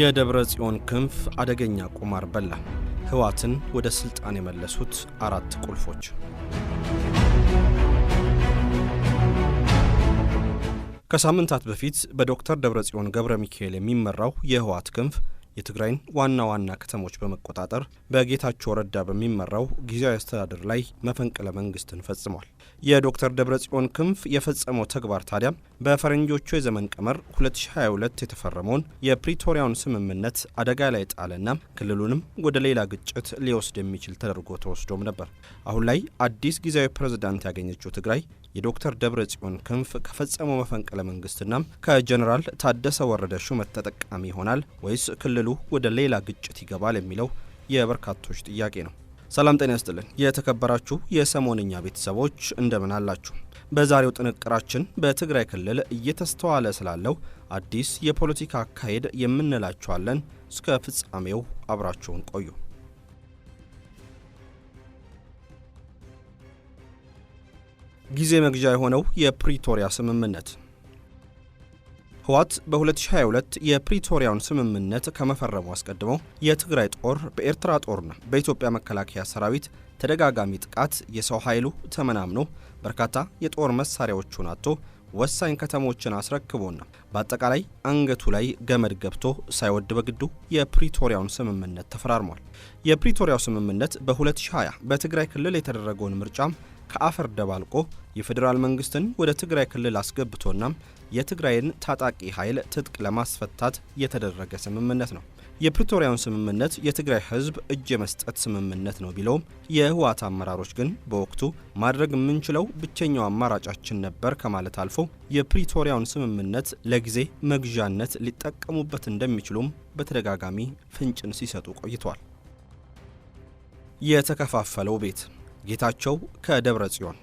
የደብረ ጽዮን ክንፍ አደገኛ ቁማር በላ። ህዋትን ወደ ስልጣን የመለሱት አራት ቁልፎች። ከሳምንታት በፊት በዶክተር ደብረ ጽዮን ገብረ ሚካኤል የሚመራው የህዋት ክንፍ የትግራይን ዋና ዋና ከተሞች በመቆጣጠር በጌታቸው ረዳ በሚመራው ጊዜያዊ አስተዳደር ላይ መፈንቅለ መንግስትን ፈጽሟል። የዶክተር ደብረጽዮን ክንፍ የፈጸመው ተግባር ታዲያ በፈረንጆቹ የዘመን ቀመር 2022 የተፈረመውን የፕሪቶሪያውን ስምምነት አደጋ ላይ ጣለና ክልሉንም ወደ ሌላ ግጭት ሊወስድ የሚችል ተደርጎ ተወስዶም ነበር። አሁን ላይ አዲስ ጊዜያዊ ፕሬዝዳንት ያገኘችው ትግራይ የዶክተር ደብረ ጽዮን ክንፍ ከፈጸመው መፈንቅለ መንግስትና ከጀኔራል ታደሰ ወረደ ሹመት ተጠቃሚ ይሆናል ወይስ ክልሉ ወደ ሌላ ግጭት ይገባል የሚለው የበርካቶች ጥያቄ ነው። ሰላም ጤና ይስጥልን። የተከበራችሁ የሰሞንኛ ቤተሰቦች እንደምን አላችሁ? በዛሬው ጥንቅራችን በትግራይ ክልል እየተስተዋለ ስላለው አዲስ የፖለቲካ አካሄድ የምንላችኋለን። እስከ ፍጻሜው አብራችሁን ቆዩ። ጊዜ መግዣ የሆነው የፕሪቶሪያ ስምምነት ህወሓት በ2022 የፕሪቶሪያውን ስምምነት ከመፈረሙ አስቀድሞ የትግራይ ጦር በኤርትራ ጦርና በኢትዮጵያ መከላከያ ሰራዊት ተደጋጋሚ ጥቃት፣ የሰው ኃይሉ ተመናምኖ በርካታ የጦር መሳሪያዎቹን አጥቶ ወሳኝ ከተሞችን አስረክቦና በአጠቃላይ አንገቱ ላይ ገመድ ገብቶ ሳይወድ በግዱ የፕሪቶሪያውን ስምምነት ተፈራርሟል። የፕሪቶሪያው ስምምነት በ2020 በትግራይ ክልል የተደረገውን ምርጫም ከአፈር ደባልቆ የፌዴራል መንግስትን ወደ ትግራይ ክልል አስገብቶና የትግራይን ታጣቂ ኃይል ትጥቅ ለማስፈታት የተደረገ ስምምነት ነው። የፕሪቶሪያውን ስምምነት የትግራይ ህዝብ እጅ የመስጠት ስምምነት ነው ቢለውም የህወሓት አመራሮች ግን በወቅቱ ማድረግ የምንችለው ብቸኛው አማራጫችን ነበር ከማለት አልፎ የፕሪቶሪያውን ስምምነት ለጊዜ መግዣነት ሊጠቀሙበት እንደሚችሉም በተደጋጋሚ ፍንጭን ሲሰጡ ቆይቷል። የተከፋፈለው ቤት ጌታቸው ከደብረ ጽዮን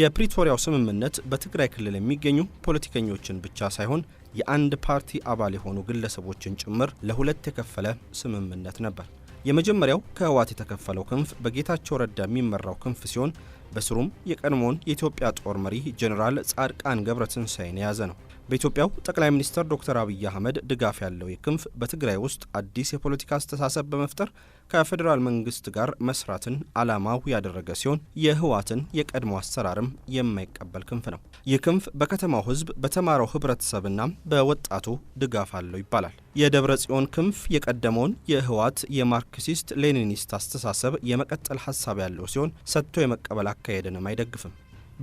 የፕሪቶሪያው ስምምነት በትግራይ ክልል የሚገኙ ፖለቲከኞችን ብቻ ሳይሆን የአንድ ፓርቲ አባል የሆኑ ግለሰቦችን ጭምር ለሁለት የከፈለ ስምምነት ነበር። የመጀመሪያው ከህወሓት የተከፈለው ክንፍ በጌታቸው ረዳ የሚመራው ክንፍ ሲሆን በስሩም የቀድሞውን የኢትዮጵያ ጦር መሪ ጄኔራል ጻድቃን ገብረትንሳኤን የያዘ ነው። በኢትዮጵያው ጠቅላይ ሚኒስትር ዶክተር አብይ አህመድ ድጋፍ ያለው የክንፍ በትግራይ ውስጥ አዲስ የፖለቲካ አስተሳሰብ በመፍጠር ከፌዴራል መንግስት ጋር መስራትን ዓላማው ያደረገ ሲሆን የህወሓትን የቀድሞ አሰራርም የማይቀበል ክንፍ ነው። ይህ ክንፍ በከተማው ህዝብ፣ በተማረው ህብረተሰብና በወጣቱ ድጋፍ አለው ይባላል። የደብረ ጽዮን ክንፍ የቀደመውን የህወሓት የማርክሲስት ሌኒኒስት አስተሳሰብ የመቀጠል ሀሳብ ያለው ሲሆን ሰጥቶ የመቀበል አካሄድንም አይደግፍም።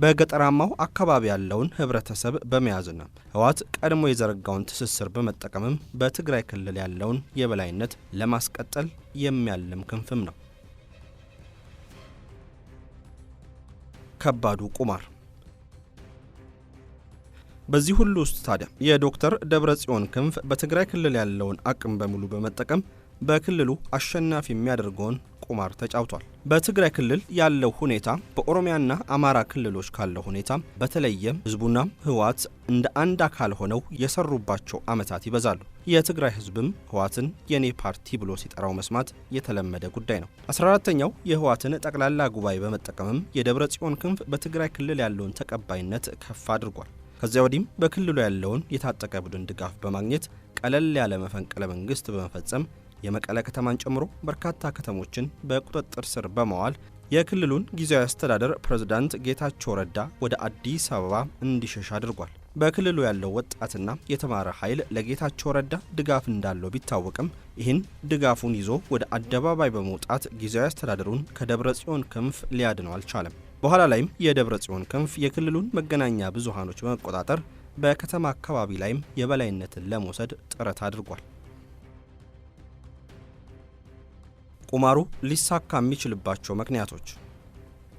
በገጠራማው አካባቢ ያለውን ህብረተሰብ በመያዝና ህወሓት ቀድሞ የዘረጋውን ትስስር በመጠቀምም በትግራይ ክልል ያለውን የበላይነት ለማስቀጠል የሚያልም ክንፍም ነው። ከባዱ ቁማር። በዚህ ሁሉ ውስጥ ታዲያ የዶክተር ደብረ ጽዮን ክንፍ በትግራይ ክልል ያለውን አቅም በሙሉ በመጠቀም በክልሉ አሸናፊ የሚያደርገውን ቁማር ተጫውቷል። በትግራይ ክልል ያለው ሁኔታ በኦሮሚያና አማራ ክልሎች ካለው ሁኔታ በተለየም ህዝቡናም ህወሓት እንደ አንድ አካል ሆነው የሰሩባቸው ዓመታት ይበዛሉ። የትግራይ ህዝብም ህወሓትን የኔ ፓርቲ ብሎ ሲጠራው መስማት የተለመደ ጉዳይ ነው። 14ተኛው የህወሓትን ጠቅላላ ጉባኤ በመጠቀምም የደብረ ጽዮን ክንፍ በትግራይ ክልል ያለውን ተቀባይነት ከፍ አድርጓል። ከዚያ ወዲህም በክልሉ ያለውን የታጠቀ ቡድን ድጋፍ በማግኘት ቀለል ያለ መፈንቅለ መንግስት በመፈጸም የመቀለ ከተማን ጨምሮ በርካታ ከተሞችን በቁጥጥር ስር በመዋል የክልሉን ጊዜያዊ አስተዳደር ፕሬዝዳንት ጌታቸው ረዳ ወደ አዲስ አበባ እንዲሸሽ አድርጓል። በክልሉ ያለው ወጣትና የተማረ ኃይል ለጌታቸው ረዳ ድጋፍ እንዳለው ቢታወቅም ይህን ድጋፉን ይዞ ወደ አደባባይ በመውጣት ጊዜያዊ አስተዳደሩን ከደብረ ጽዮን ክንፍ ሊያድነው አልቻለም። በኋላ ላይም የደብረ ጽዮን ክንፍ የክልሉን መገናኛ ብዙሃኖች በመቆጣጠር በከተማ አካባቢ ላይም የበላይነትን ለመውሰድ ጥረት አድርጓል። ቁማሩ ሊሳካ የሚችልባቸው ምክንያቶች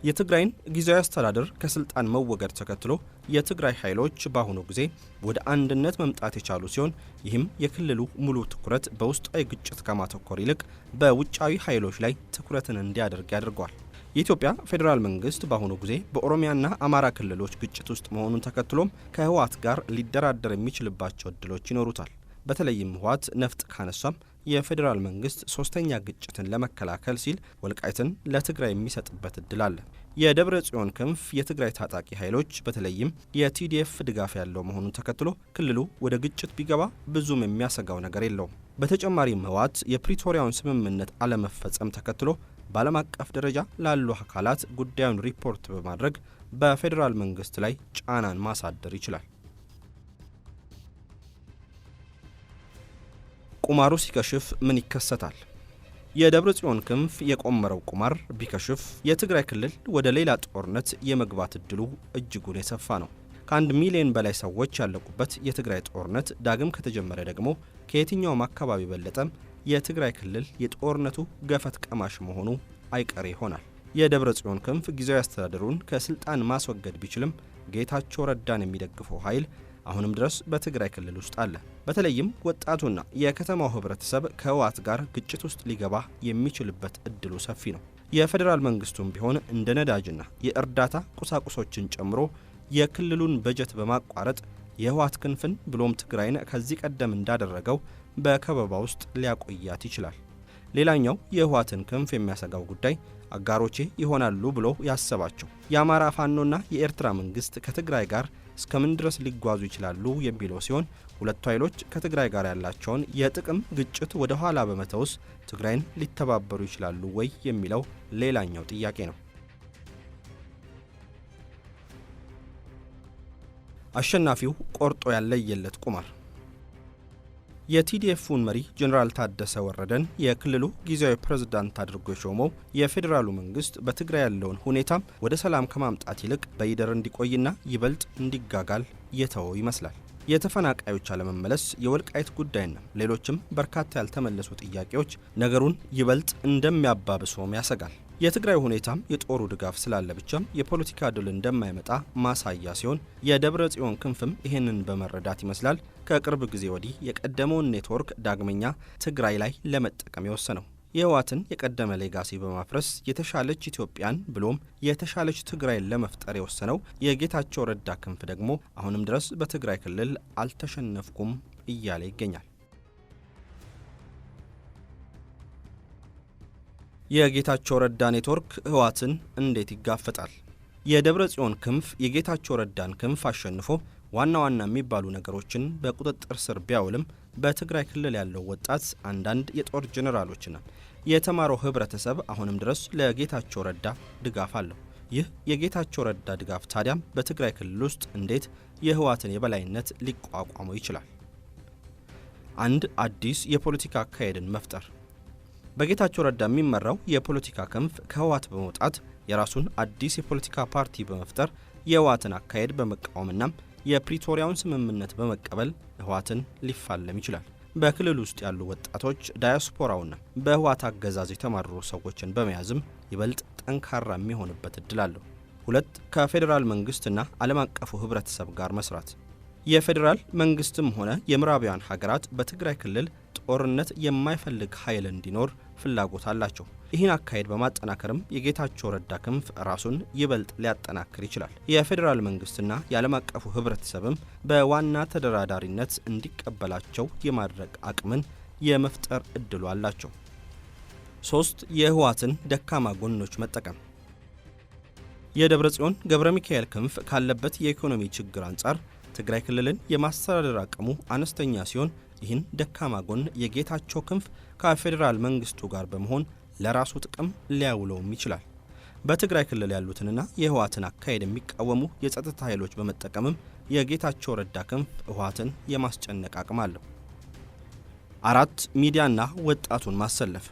የትግራይን ጊዜያዊ አስተዳደር ከስልጣን መወገድ ተከትሎ የትግራይ ኃይሎች በአሁኑ ጊዜ ወደ አንድነት መምጣት የቻሉ ሲሆን ይህም የክልሉ ሙሉ ትኩረት በውስጣዊ ግጭት ከማተኮር ይልቅ በውጫዊ ኃይሎች ላይ ትኩረትን እንዲያደርግ ያደርገዋል። የኢትዮጵያ ፌዴራል መንግስት በአሁኑ ጊዜ በኦሮሚያና አማራ ክልሎች ግጭት ውስጥ መሆኑን ተከትሎም ከህወሓት ጋር ሊደራደር የሚችልባቸው እድሎች ይኖሩታል። በተለይም ህወሓት ነፍጥ ካነሷም የፌዴራል መንግስት ሶስተኛ ግጭትን ለመከላከል ሲል ወልቃይትን ለትግራይ የሚሰጥበት እድል አለ። የደብረ ጽዮን ክንፍ የትግራይ ታጣቂ ኃይሎች በተለይም የቲዲኤፍ ድጋፍ ያለው መሆኑን ተከትሎ ክልሉ ወደ ግጭት ቢገባ ብዙም የሚያሰጋው ነገር የለውም። በተጨማሪም ህወሓት የፕሪቶሪያውን ስምምነት አለመፈጸም ተከትሎ በዓለም አቀፍ ደረጃ ላሉ አካላት ጉዳዩን ሪፖርት በማድረግ በፌዴራል መንግስት ላይ ጫናን ማሳደር ይችላል። ቁማሩ ሲከሽፍ ምን ይከሰታል? የደብረ ጽዮን ክንፍ የቆመረው ቁማር ቢከሽፍ የትግራይ ክልል ወደ ሌላ ጦርነት የመግባት እድሉ እጅጉን የሰፋ ነው። ከአንድ ሚሊዮን በላይ ሰዎች ያለቁበት የትግራይ ጦርነት ዳግም ከተጀመረ ደግሞ ከየትኛውም አካባቢ በለጠም የትግራይ ክልል የጦርነቱ ገፈት ቀማሽ መሆኑ አይቀሬ ይሆናል። የደብረ ጽዮን ክንፍ ጊዜያዊ አስተዳደሩን ከስልጣን ማስወገድ ቢችልም ጌታቸው ረዳን የሚደግፈው ኃይል አሁንም ድረስ በትግራይ ክልል ውስጥ አለ። በተለይም ወጣቱና የከተማው ህብረተሰብ ከህወሓት ጋር ግጭት ውስጥ ሊገባ የሚችልበት እድሉ ሰፊ ነው። የፌዴራል መንግስቱም ቢሆን እንደ ነዳጅና የእርዳታ ቁሳቁሶችን ጨምሮ የክልሉን በጀት በማቋረጥ የህወሓት ክንፍን ብሎም ትግራይን ከዚህ ቀደም እንዳደረገው በከበባ ውስጥ ሊያቆያት ይችላል። ሌላኛው የህወሓትን ክንፍ የሚያሰጋው ጉዳይ አጋሮቼ ይሆናሉ ብሎ ያሰባቸው የአማራ ፋኖና የኤርትራ መንግስት ከትግራይ ጋር እስከምን ድረስ ሊጓዙ ይችላሉ የሚለው ሲሆን ሁለቱ ኃይሎች ከትግራይ ጋር ያላቸውን የጥቅም ግጭት ወደ ኋላ በመተውስ ትግራይን ሊተባበሩ ይችላሉ ወይ የሚለው ሌላኛው ጥያቄ ነው። አሸናፊው ቆርጦ ያለ የለት ቁማር የቲዲኤፉን መሪ ጀኔራል ታደሰ ወረደን የክልሉ ጊዜያዊ ፕሬዝዳንት አድርጎ የሾመው የፌዴራሉ መንግስት በትግራይ ያለውን ሁኔታም ወደ ሰላም ከማምጣት ይልቅ በይደር እንዲቆይና ይበልጥ እንዲጋጋል የተወው ይመስላል። የተፈናቃዮች አለመመለስ፣ የወልቃይት ጉዳይና ሌሎችም በርካታ ያልተመለሱ ጥያቄዎች ነገሩን ይበልጥ እንደሚያባብሶም ያሰጋል። የትግራይ ሁኔታም የጦሩ ድጋፍ ስላለ ብቻም የፖለቲካ ድል እንደማይመጣ ማሳያ ሲሆን የደብረ ጽዮን ክንፍም ይህንን በመረዳት ይመስላል ከቅርብ ጊዜ ወዲህ የቀደመውን ኔትወርክ ዳግመኛ ትግራይ ላይ ለመጠቀም የወሰነው። የህወሓትን የቀደመ ሌጋሲ በማፍረስ የተሻለች ኢትዮጵያን ብሎም የተሻለች ትግራይን ለመፍጠር የወሰነው የጌታቸው ረዳ ክንፍ ደግሞ አሁንም ድረስ በትግራይ ክልል አልተሸነፍኩም እያለ ይገኛል። የጌታቸው ረዳ ኔትወርክ ህወሓትን እንዴት ይጋፈጣል? የደብረ ጽዮን ክንፍ የጌታቸው ረዳን ክንፍ አሸንፎ ዋና ዋና የሚባሉ ነገሮችን በቁጥጥር ስር ቢያውልም በትግራይ ክልል ያለው ወጣት፣ አንዳንድ የጦር ጄኔራሎችና የተማረው ህብረተሰብ አሁንም ድረስ ለጌታቸው ረዳ ድጋፍ አለው። ይህ የጌታቸው ረዳ ድጋፍ ታዲያም በትግራይ ክልል ውስጥ እንዴት የህወሓትን የበላይነት ሊቋቋመው ይችላል? አንድ አዲስ የፖለቲካ አካሄድን መፍጠር በጌታቸው ረዳ የሚመራው የፖለቲካ ክንፍ ከህወሓት በመውጣት የራሱን አዲስ የፖለቲካ ፓርቲ በመፍጠር የህወሓትን አካሄድ በመቃወምና የፕሪቶሪያውን ስምምነት በመቀበል ህወሓትን ሊፋለም ይችላል። በክልል ውስጥ ያሉ ወጣቶች ዳያስፖራውና በህወሓት አገዛዝ የተማረሩ ሰዎችን በመያዝም ይበልጥ ጠንካራ የሚሆንበት እድል አለው። ሁለት ከፌዴራል መንግስትና ዓለም አቀፉ ህብረተሰብ ጋር መስራት። የፌዴራል መንግስትም ሆነ የምዕራባውያን ሀገራት በትግራይ ክልል ጦርነት የማይፈልግ ኃይል እንዲኖር ፍላጎት አላቸው። ይህን አካሄድ በማጠናከርም የጌታቸው ረዳ ክንፍ ራሱን ይበልጥ ሊያጠናክር ይችላል። የፌዴራል መንግስትና የዓለም አቀፉ ህብረተሰብም በዋና ተደራዳሪነት እንዲቀበላቸው የማድረግ አቅምን የመፍጠር እድሉ አላቸው። ሶስት የህወሓትን ደካማ ጎኖች መጠቀም የደብረ ጽዮን ገብረ ሚካኤል ክንፍ ካለበት የኢኮኖሚ ችግር አንጻር ትግራይ ክልልን የማስተዳደር አቅሙ አነስተኛ ሲሆን ይህን ደካማ ጎን የጌታቸው ክንፍ ከፌዴራል መንግስቱ ጋር በመሆን ለራሱ ጥቅም ሊያውለውም ይችላል። በትግራይ ክልል ያሉትንና የህወሓትን አካሄድ የሚቃወሙ የጸጥታ ኃይሎች በመጠቀምም የጌታቸው ረዳ ክንፍ ህወሓትን የማስጨነቅ አቅም አለው። አራት ሚዲያና ወጣቱን ማሰለፍ።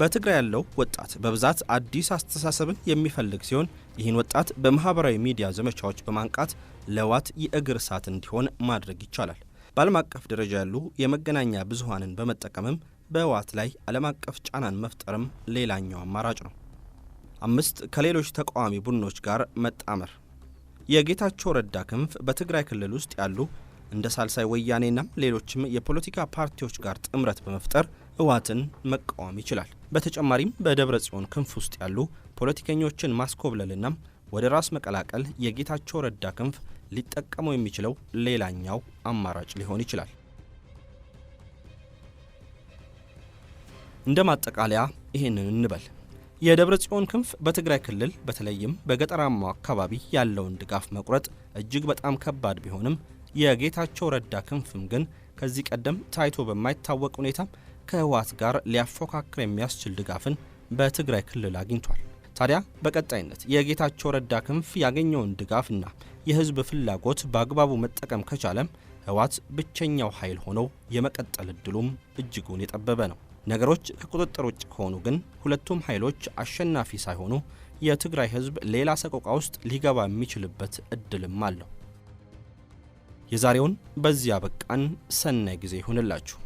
በትግራይ ያለው ወጣት በብዛት አዲስ አስተሳሰብን የሚፈልግ ሲሆን ይህን ወጣት በማህበራዊ ሚዲያ ዘመቻዎች በማንቃት ለዋት የእግር እሳት እንዲሆን ማድረግ ይቻላል። በዓለም አቀፍ ደረጃ ያሉ የመገናኛ ብዙሀንን በመጠቀምም በህወሓት ላይ ዓለም አቀፍ ጫናን መፍጠርም ሌላኛው አማራጭ ነው። አምስት ከሌሎች ተቃዋሚ ቡድኖች ጋር መጣመር። የጌታቸው ረዳ ክንፍ በትግራይ ክልል ውስጥ ያሉ እንደ ሳልሳይ ወያኔና ሌሎችም የፖለቲካ ፓርቲዎች ጋር ጥምረት በመፍጠር ህወሓትን መቃወም ይችላል። በተጨማሪም በደብረ ጽዮን ክንፍ ውስጥ ያሉ ፖለቲከኞችን ማስኮብለልና ወደ ራስ መቀላቀል የጌታቸው ረዳ ክንፍ ሊጠቀመው የሚችለው ሌላኛው አማራጭ ሊሆን ይችላል። እንደ ማጠቃለያ ይህንን እንበል። የደብረ ጽዮን ክንፍ በትግራይ ክልል በተለይም በገጠራማው አካባቢ ያለውን ድጋፍ መቁረጥ እጅግ በጣም ከባድ ቢሆንም የጌታቸው ረዳ ክንፍም ግን ከዚህ ቀደም ታይቶ በማይታወቅ ሁኔታ ከህወሓት ጋር ሊያፎካክር የሚያስችል ድጋፍን በትግራይ ክልል አግኝቷል። ታዲያ በቀጣይነት የጌታቸው ረዳ ክንፍ ያገኘውን ድጋፍና የህዝብ ፍላጎት በአግባቡ መጠቀም ከቻለም ህወሓት ብቸኛው ኃይል ሆኖ የመቀጠል እድሉም እጅጉን የጠበበ ነው። ነገሮች ከቁጥጥር ውጭ ከሆኑ ግን ሁለቱም ኃይሎች አሸናፊ ሳይሆኑ የትግራይ ህዝብ ሌላ ሰቆቃ ውስጥ ሊገባ የሚችልበት እድልም አለው። የዛሬውን በዚያ በቃን። ሰናይ ጊዜ ይሁንላችሁ።